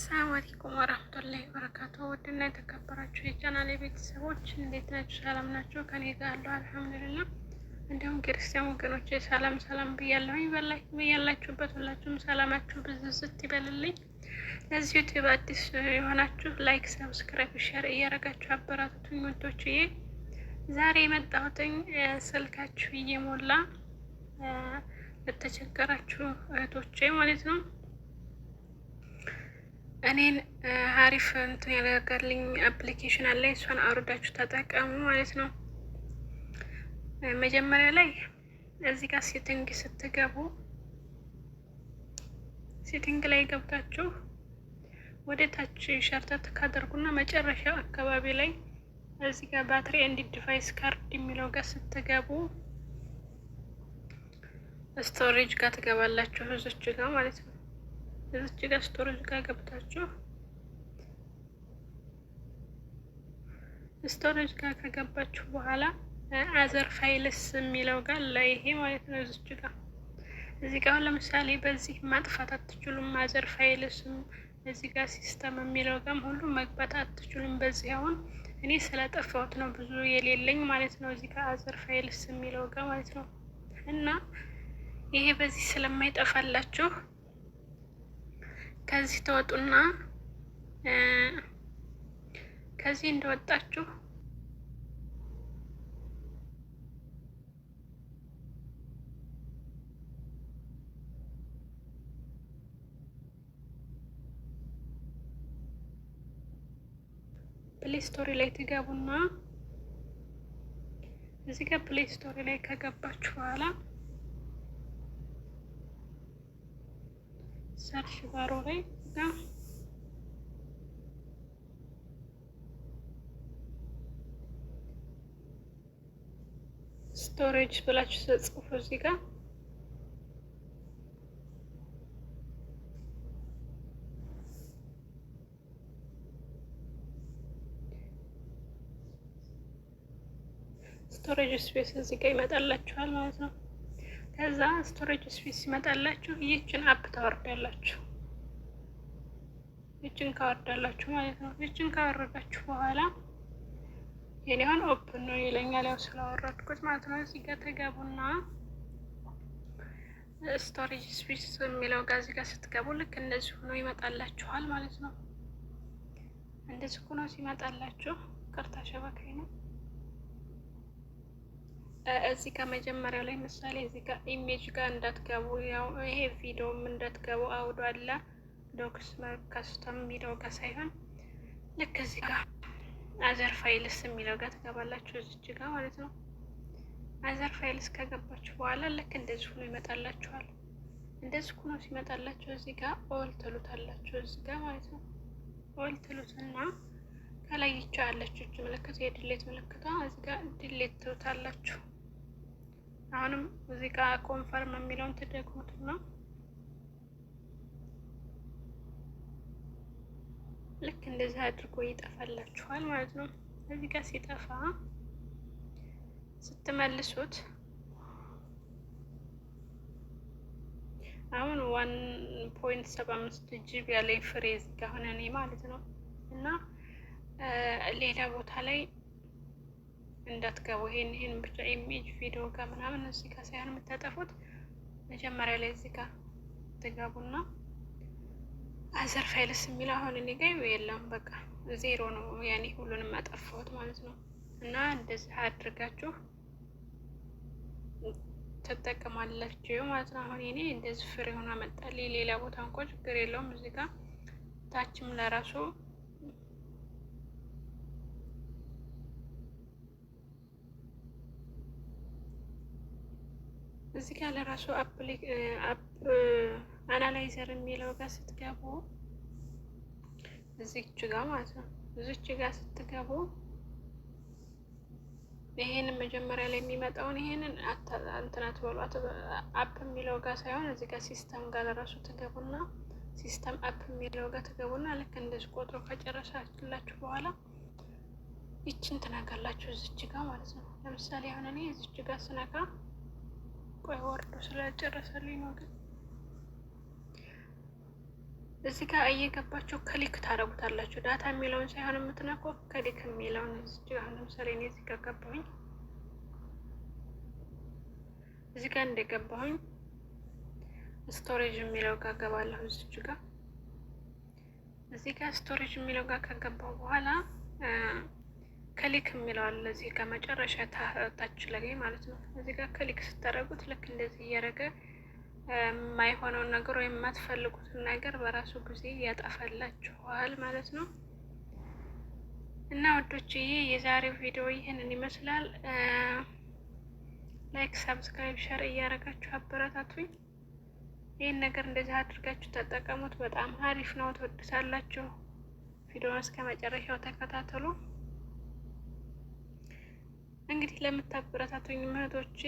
ሰላም አለይኩም ወራህመቱላሂ ወበረካቱ። ውድና የተከበራችሁ የቻናል ቤተሰቦች እንዴት ናችሁ? ሰላም ናችሁ? ከኔ ጋር አለሁ አልሐምዱሊላህ። እንዲሁም ክርስቲያን ወገኖች ሰላም ሰላም ብያለሁ በያላችሁበት ሁላችሁም ሰላማችሁ ብዝዝት ይበልልኝ። ለዚህ ዩቲዩብ አዲስ የሆናችሁ ላይክ፣ ሰብስክራይብ፣ ሸር እያደረጋችሁ አበራቱኝ ውዶችዬ። ዛሬ የመጣሁትኝ ስልካችሁ እየሞላ ለተቸገራችሁ እህቶቼ ማለት ነው እኔን አሪፍ እንትን ያደረጋልኝ አፕሊኬሽን አለ። እሷን አውርዳችሁ ተጠቀሙ ማለት ነው። መጀመሪያ ላይ እዚህ ጋር ሴቲንግ ስትገቡ ሴቲንግ ላይ ገብታችሁ ወደ ታች ሸርተት ካደርጉና መጨረሻ አካባቢ ላይ እዚህ ጋር ባትሪ ኤንድ ዲቫይስ ካርድ የሚለው ጋር ስትገቡ ስቶሬጅ ጋር ትገባላችሁ ህዞች ጋር ማለት ነው። እዚች ጋር ስቶሬጅ ጋር ገብታችሁ ስቶሬጅ ጋር ከገባችሁ በኋላ አዘር ፋይልስ የሚለው ጋር ለይሄ ማለት ነው። እዚች ጋር እዚህ ጋር ለምሳሌ በዚህ ማጥፋት አትችሉም። አዘር ፋይልስም እዚህ ጋር ሲስተም የሚለው ጋርም ሁሉ መግባት አትችሉም። በዚህ አሁን እኔ ስለጠፋሁት ነው ብዙ የሌለኝ ማለት ነው። እዚህ ጋር አዘር ፋይልስ የሚለው ጋር ማለት ነው እና ይሄ በዚህ ስለማይጠፋላችሁ ከዚህ ተወጡና ከዚህ እንደወጣችሁ ፕሌይ ስቶሪ ላይ ትገቡና እዚህ ጋር ፕሌይ ስቶሪ ላይ ከገባችሁ በኋላ ሰርሽ ባሮ ላይ ጋ ስቶሬጅ ብላችሁ ተጽፎ እዚህ ጋር ስቶሬጅ ስፔስ እዚህ ጋር ይመጣላችኋል ማለት ነው። ከዛ ስቶሬጅ ስፔስ ሲመጣላችሁ ይህችን አፕ ታወርዳላችሁ። ይችን ካወርዳላችሁ ማለት ነው። ይችን ካወረዳችሁ በኋላ የኔ አሁን ኦፕን ነው ይለኛል፣ ያው ስላወረድኩት ማለት ነው። እዚህ ጋር ተገቡና ስቶሬጅ ስፔስ የሚለው ጋር እዚህ ጋር ስትገቡ ልክ እንደዚህ ሆኖ ይመጣላችኋል ማለት ነው። እንደዚህ ሆኖ ሲመጣላችሁ ቅርታ ሸበካኝ ነው እዚህ ጋር መጀመሪያ ላይ ምሳሌ እዚህ ጋር ኢሜጅ ጋር እንዳትገቡ፣ ያው ይሄ ቪዲዮም እንዳትገቡ አውዶ አለ ዶክስ ከስተም የሚለው ጋር ሳይሆን ልክ እዚህ ጋር አዘር ፋይልስ የሚለው ጋር ትገባላችሁ። እዚች ጋር ማለት ነው። አዘር ፋይልስ ከገባችሁ በኋላ ልክ እንደዚህ ሆኖ ይመጣላችኋል። እንደዚህ ሆኖ ሲመጣላችሁ እዚህ ጋር ኦል ትሉታላችሁ። እዚህ ጋር ማለት ነው። ኦል ትሉትና ከላይ ይቻላችሁ ምልክት የድሌት ምልክቷ እዚህ ጋር ድሌት ትሉታላችሁ። አሁንም እዚህ ኮንፈርም የሚለውን ነው። ልክ እንደዚህ አድርጎ ይጠፋላችኋል ማለት ነው። እዚህ ጋር ሲጠፋ ስትመልሱት አሁን ዋን ፖይንት ሰባ አምስት ጂቢ ያለኝ ፍሬ እዚህ ጋር ሆነ እኔ ማለት ነው እና ሌላ ቦታ ላይ እንዳትገቡ ይሄን ይሄን ብቻ ኢሜጅ ቪዲዮ ጋር ምናምን እዚህ ጋር ሳይሆን የምታጠፉት መጀመሪያ ላይ እዚህ ጋር ትገቡና አዘር ፋይልስ የሚል አሁን እኔ ጋ የለም በቃ ዜሮ ነው። ያኔ ሁሉንም አጠፋሁት ማለት ነው። እና እንደዚህ አድርጋችሁ ትጠቀማላችሁ ማለት ነው። አሁን እኔ እንደዚህ ፍሬ ሆና መጣልኝ። ሌላ ቦታ እንኳ ችግር የለውም። እዚህ ጋር ታችም ለራሱ እዚህ ጋር ለራሱ አናላይዘር የሚለው ጋር ስትገቡ እዚች ጋ ማለት ነው። እዚች ጋ ስትገቡ ይሄንን መጀመሪያ ላይ የሚመጣውን ይሄንን እንትና በሉ አፕ የሚለው ጋር ሳይሆን እዚህ ጋር ሲስተም ጋር ለራሱ ትገቡና ሲስተም አፕ የሚለው ጋር ትገቡና ልክ እንደዚህ ቆጥሮ ከጨረሳችላችሁ በኋላ ይችን ትነካላችሁ እዚች ጋ ማለት ነው። ለምሳሌ አሁን እኔ እዚች ጋ ስነካ ቆይ ወርዶ ስለጨረሰልኝ ነው። ግን እዚህ ጋር እየገባችሁ ክሊክ ታደርጉታላችሁ። ዳታ የሚለውን ሳይሆን የምትነኩ ክሊክ የሚለውን እዚህ አሁን ለምሳሌ እኔ እዚህ ጋር ገባሁኝ። እዚህ ጋር እንደገባሁኝ ስቶሬጅ የሚለው ጋር ገባለሁ። እዚች ጋር እዚህ ጋር ስቶሬጅ የሚለው ጋር ከገባሁ በኋላ ክሊክ የሚለዋል እዚህ ጋር መጨረሻ ታች ላይ ማለት ነው። እዚህ ጋር ክሊክ ስታደርጉት ልክ እንደዚህ እያደረገ የማይሆነውን ነገር ወይም የማትፈልጉትን ነገር በራሱ ጊዜ ያጠፋላችኋል ማለት ነው። እና ወዶች ወዶችዬ የዛሬው ቪዲዮ ይህንን ይመስላል። ላይክ፣ ሰብስክራይብ ሸር እያደረጋችሁ አበረታቱኝ። ይህን ነገር እንደዚህ አድርጋችሁ ተጠቀሙት። በጣም አሪፍ ነው። ትወድሳላችሁ። ቪዲዮን እስከ መጨረሻው ተከታተሉ። እንግዲህ ለምታበረታቱኝ ምህቶቼ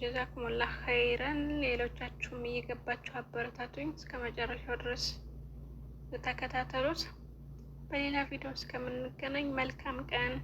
ጀዛኩሙላ ኸይረን። ሌሎቻችሁም እየገባችሁ አበረታቱኝ። እስከ መጨረሻው ድረስ ተከታተሉት። በሌላ ቪዲዮ እስከምንገናኝ መልካም ቀን